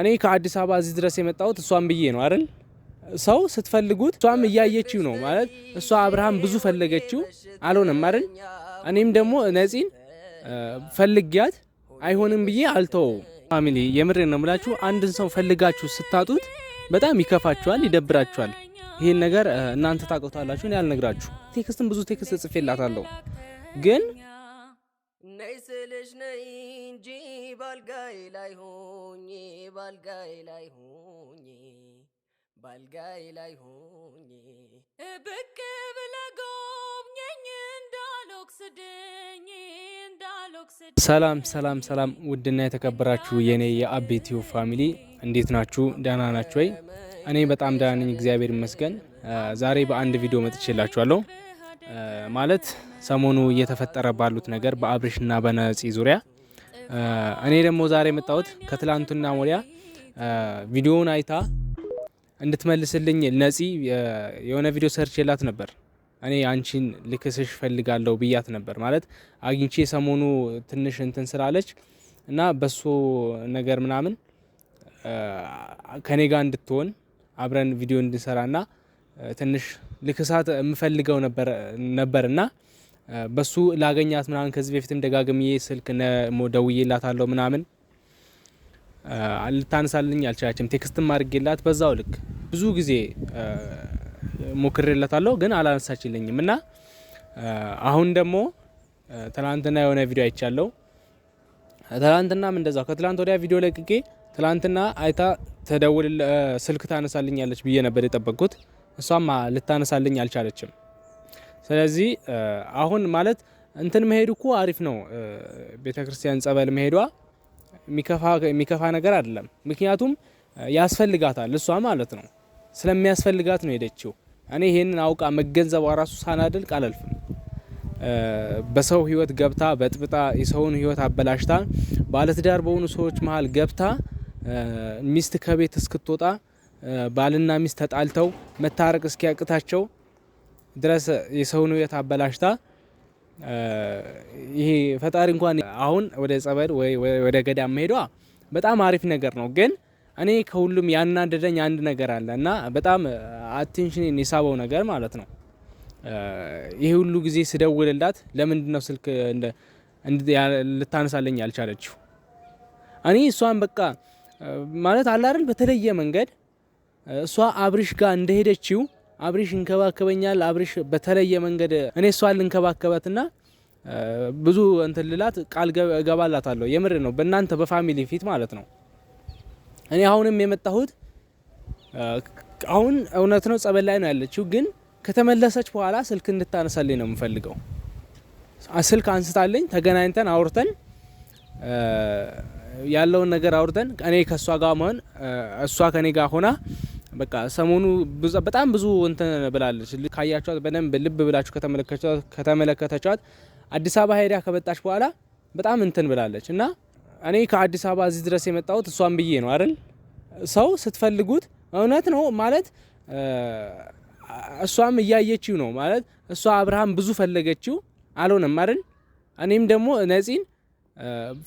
እኔ ከአዲስ አበባ እዚህ ድረስ የመጣሁት እሷን ብዬ ነው አይደል? ሰው ስትፈልጉት እሷም እያየችው ነው ማለት እሷ አብርሃም ብዙ ፈለገችው አልሆነም አይደል? እኔም ደግሞ ነፂን ፈልጊያት አይሆንም ብዬ አልተወውም። ፋሚሊ የምሬ ነው ምላችሁ አንድን ሰው ፈልጋችሁ ስታጡት በጣም ይከፋችኋል፣ ይደብራችኋል። ይህን ነገር እናንተ ታውቁታላችሁ፣ እኔ አልነግራችሁ። ቴክስትም ብዙ ቴክስት ጽፌላታለሁ ግን እንጂ ባልጋይ ላይ ሆኜ ባልጋይ ላይ ሆኜ ባልጋይ ላይ ሆኜ ብቅ ብለህ ጎብኘኝ እንዳልወቅስድኝ እንዳልወቅስድ። ሰላም ሰላም ሰላም! ውድና የተከበራችሁ የእኔ የአቤቲዮ ፋሚሊ እንዴት ናችሁ? ደህና ናችሁ ወይ? እኔ በጣም ደህና ነኝ፣ እግዚአብሔር ይመስገን። ዛሬ በአንድ ቪዲዮ መጥቼላችኋለሁ። ማለት ሰሞኑ እየተፈጠረ ባሉት ነገር በአብርሽና በነፂ ዙሪያ እኔ ደግሞ ዛሬ የመጣሁት ከትላንቱና ሞሪያ ቪዲዮውን አይታ እንድትመልስልኝ ነፂ የሆነ ቪዲዮ ሰርች የላት ነበር። እኔ አንቺን ልክስሽ ፈልጋለሁ ብያት ነበር ማለት አግኝቼ ሰሞኑ ትንሽ እንትን ስላለች እና በሱ ነገር ምናምን ከኔ ጋር እንድትሆን አብረን ቪዲዮ እንድንሰራና ትንሽ ልክሳት የምፈልገው ነበር እና በሱ ላገኛት ምናምን ከዚህ በፊትም ደጋግሜ ስልክ ደውዬላታለሁ ምናምን ልታነሳልኝ አልቻለችም። ቴክስትም አድርጌላት በዛው ልክ ብዙ ጊዜ ሞክሬላታለሁ ግን አላነሳችልኝም። እና አሁን ደግሞ ትላንትና የሆነ ቪዲዮ አይቻለሁ። ትላንትናም እንደዛው ከትላንት ወዲያ ቪዲዮ ለቅቄ ትላንትና አይታ ተደውል ስልክ ታነሳልኛለች ብዬ ነበር የጠበቅኩት። እሷም ልታነሳልኝ አልቻለችም። ስለዚህ አሁን ማለት እንትን መሄድ እኮ አሪፍ ነው። ቤተ ክርስቲያን ጸበል መሄዷ የሚከፋ ነገር አይደለም። ምክንያቱም ያስፈልጋታል፣ እሷ ማለት ነው ስለሚያስፈልጋት ነው ሄደችው። እኔ ይህንን አውቃ መገንዘቧ ራሱ ሳናደልቅ አላልፍም። በሰው ህይወት ገብታ በጥብጣ የሰውን ህይወት አበላሽታ ባለትዳር በሆኑ ሰዎች መሀል ገብታ ሚስት ከቤት እስክትወጣ ባልና ሚስት ተጣልተው መታረቅ እስኪያቅታቸው ድረስ የሰውን ሕይወት አበላሽታ ይሄ ፈጣሪ እንኳን አሁን ወደ ጸበል ወደ ገዳም መሄዷ በጣም አሪፍ ነገር ነው። ግን እኔ ከሁሉም ያናደደኝ አንድ ነገር አለ እና በጣም አቴንሽን የሳበው ነገር ማለት ነው። ይሄ ሁሉ ጊዜ ስደውልላት ለምንድን ነው ስልክ ልታነሳለኝ ያልቻለችው? እኔ እሷን በቃ ማለት አላርን በተለየ መንገድ እሷ አብርሽ ጋር እንደሄደችው አብሪሽ እንከባከበኛል። አብሪሽ በተለየ መንገድ እኔ እሷን ልንከባከበትና ብዙ እንትን ልላት ቃል እገባላታለሁ። የምር ነው፣ በእናንተ በፋሚሊ ፊት ማለት ነው። እኔ አሁንም የመጣሁት አሁን እውነት ነው፣ ጸበል ላይ ነው ያለችው፣ ግን ከተመለሰች በኋላ ስልክ እንድታነሳልኝ ነው የምፈልገው። ስልክ አንስታለኝ ተገናኝተን አውርተን ያለውን ነገር አውርተን እኔ ከእሷ ጋር መሆን እሷ ከኔ ጋር ሆና በቃ ሰሞኑ በጣም ብዙ እንትን ብላለች። ካያችኋት በደንብ ልብ ብላችሁ ከተመለከተችዋት አዲስ አበባ ሄዳ ከመጣች በኋላ በጣም እንትን ብላለች እና እኔ ከአዲስ አበባ እዚህ ድረስ የመጣሁት እሷን ብዬ ነው አይደል? ሰው ስትፈልጉት እውነት ነው ማለት እሷም እያየችው ነው ማለት እሷ አብርሃም ብዙ ፈለገችው አልሆነም አይደል? እኔም ደግሞ ነፂን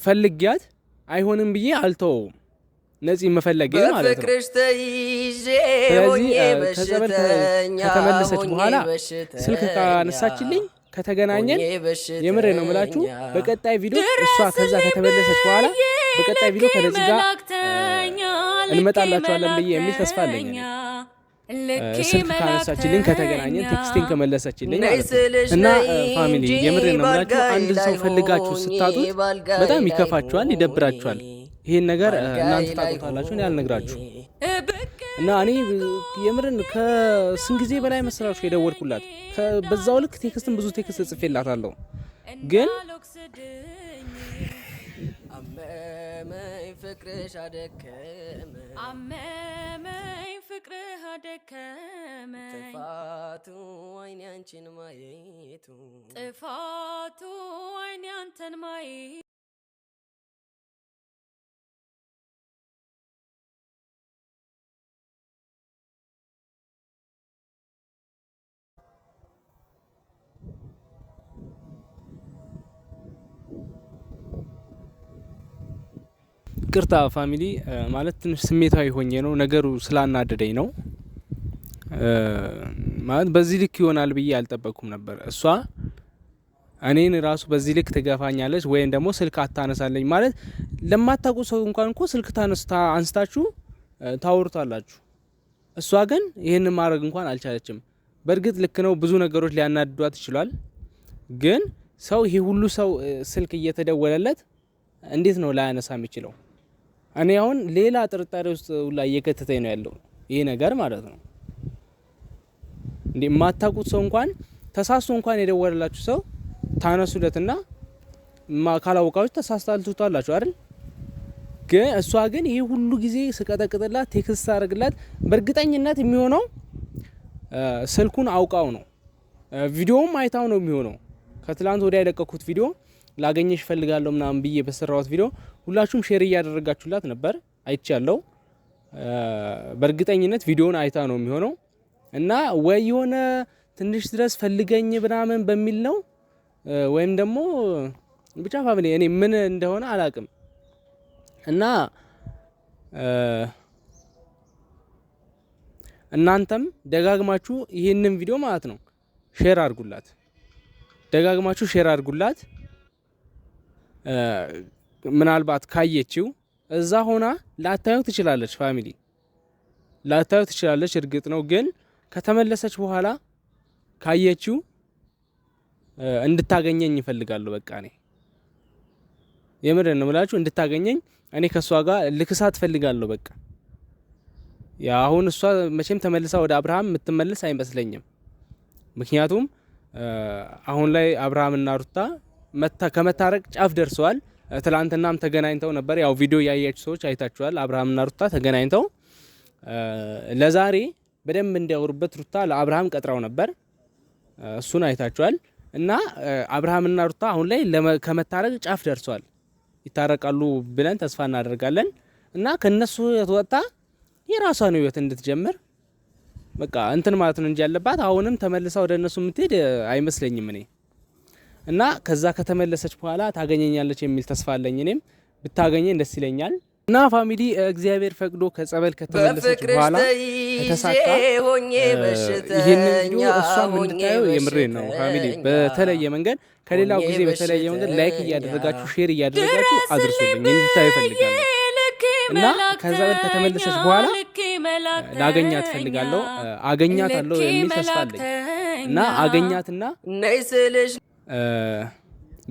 ፈልጊያት አይሆንም ብዬ አልተወውም። ነፂ መፈለግ ማለት ነው። ከተመለሰች በኋላ ስልክ ካነሳችልኝ ከተገናኘን የምሬ ነው ምላችሁ በቀጣይ ቪዲዮ እሷ ከዛ ከተመለሰች በኋላ በቀጣይ ቪዲዮ ከነፂ ጋር እንመጣላችኋለን ብዬ የሚል ተስፋ አለኝ። ስልክ ካነሳችልኝ ከተገናኘን ቴክስቲን ከመለሰችልኝ እና ፋሚሊ የምሬ ነው ምላችሁ አንድን ሰው ፈልጋችሁ ስታጡት በጣም ይከፋችኋል፣ ይደብራችኋል። ይሄን ነገር እናንተ ታውቁታላችሁ፣ ያል ነግራችሁ እና እኔ የምርን ከስን ጊዜ በላይ መስራችሁ የደወልኩላት በዛው ልክ ቴክስትን ብዙ ቴክስት ጽፌላታለሁ፣ ግን አመመኝ ፍቅርህ አደከመኝ ጥፋቱ ወይኔ አንቺን ማየቱ ጥፋቱ ወይኔ አንተን ማየቱ ይቅርታ ፋሚሊ ማለት ትንሽ ስሜታዊ ሆኜ ነው፣ ነገሩ ስላናደደኝ ነው። ማለት በዚህ ልክ ይሆናል ብዬ አልጠበቅኩም ነበር። እሷ እኔን ራሱ በዚህ ልክ ትገፋኛለች ወይም ደግሞ ስልክ አታነሳለኝ ማለት ለማታውቁ ሰው እንኳን እኮ ስልክ አንስታችሁ ታወርታላችሁ። እሷ ግን ይህን ማድረግ እንኳን አልቻለችም። በእርግጥ ልክ ነው፣ ብዙ ነገሮች ሊያናድዷት ይችላል። ግን ሰው ይሄ ሁሉ ሰው ስልክ እየተደወለለት እንዴት ነው ላያነሳ የሚችለው? እኔ አሁን ሌላ ጥርጣሬ ውስጥ ሁላ እየከተተኝ ነው ያለው ይሄ ነገር ማለት ነው። እንዲህ የማታውቁት ሰው እንኳን ተሳስቶ እንኳን የደወለላችሁ ሰው ታነሱለትና ካላወቃችሁ ተሳስታችሁ ትቷላችሁ አይደል? ግን እሷ ግን ይህ ሁሉ ጊዜ ስቀጠቅጥላት ቴክስት ሳደርግላት በእርግጠኝነት የሚሆነው ስልኩን አውቃው ነው ቪዲዮም አይታው ነው የሚሆነው። ከትላንት ወዲያ የለቀኩት ቪዲዮ ላገኘሽ ፈልጋለሁ ምናምን ብዬ በሰራሁት ቪዲዮ ሁላችሁም ሼር እያደረጋችሁላት ነበር አይቻለሁ። በእርግጠኝነት ቪዲዮውን አይታ ነው የሚሆነው እና ወይ የሆነ ትንሽ ድረስ ፈልገኝ ምናምን በሚል ነው ወይም ደግሞ ብቻ ፋሚሊ እኔ ምን እንደሆነ አላቅም እና እናንተም ደጋግማችሁ ይህንን ቪዲዮ ማለት ነው ሼር አድርጉላት፣ ደጋግማችሁ ሼር አድርጉላት። ምናልባት ካየችው እዛ ሆና ላታዩ ትችላለች። ፋሚሊ ላታዩ ትችላለች፣ እርግጥ ነው ግን ከተመለሰች በኋላ ካየችው እንድታገኘኝ ይፈልጋለሁ። በቃ እኔ የምድር ነው ብላችሁ እንድታገኘኝ እኔ ከእሷ ጋር ልክሳት እፈልጋለሁ። በቃ አሁን እሷ መቼም ተመልሳ ወደ አብርሃም የምትመለስ አይመስለኝም። ምክንያቱም አሁን ላይ አብርሃምና ሩታ ከመታረቅ ጫፍ ደርሰዋል። ትላንትናም ተገናኝተው ነበር። ያው ቪዲዮ ያያችሁ ሰዎች አይታችኋል። አብርሃምና ሩታ ተገናኝተው ለዛሬ በደንብ እንዲያወሩበት ሩታ ለአብርሃም ቀጥራው ነበር። እሱን አይታችኋል። እና አብርሃምና ሩታ አሁን ላይ ከመታረቅ ጫፍ ደርሰዋል። ይታረቃሉ ብለን ተስፋ እናደርጋለን። እና ከነሱ ወጥታ የራሷን ህይወት እንድትጀምር በቃ እንትን ማለት ነው እንጂ ያለባት አሁንም ተመልሳ ወደ እነሱ የምትሄድ አይመስለኝም እኔ እና ከዛ ከተመለሰች በኋላ ታገኘኛለች የሚል ተስፋ አለኝ። እኔም ብታገኘኝ ደስ ይለኛል። እና ፋሚሊ እግዚአብሔር ፈቅዶ ከጸበል ከተመለሰች በኋላ ተሳካ። ይህንን እሷም እንድታየው የምሬን ነው ፋሚሊ። በተለየ መንገድ ከሌላው ጊዜ በተለየ መንገድ ላይክ እያደረጋችሁ ሼር እያደረጋችሁ አድርሱልኝ እንድታየው ይፈልጋለሁ። እና ከጸበል ከተመለሰች በኋላ ላገኛት እፈልጋለሁ። አለው የሚል ተስፋ አለኝ እና አገኛትና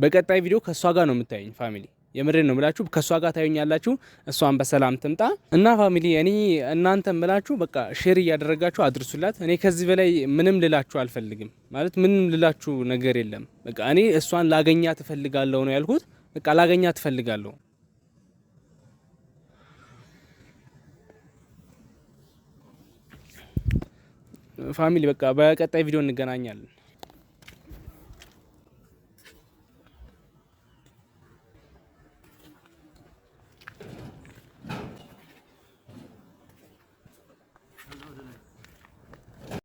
በቀጣይ ቪዲዮ ከእሷ ጋር ነው የምታየኝ ፋሚሊ የምሬን ነው የምላችሁ። ከእሷ ጋር ታዩኛላችሁ። እሷን በሰላም ትምጣ እና ፋሚሊ እኔ እናንተ ምላችሁ በቃ ሼር እያደረጋችሁ አድርሱላት። እኔ ከዚህ በላይ ምንም ልላችሁ አልፈልግም፣ ማለት ምንም ልላችሁ ነገር የለም። በቃ እኔ እሷን ላገኛ ትፈልጋለሁ ነው ያልኩት። በቃ ላገኛ ትፈልጋለሁ። ፋሚሊ በቃ በቀጣይ ቪዲዮ እንገናኛለን።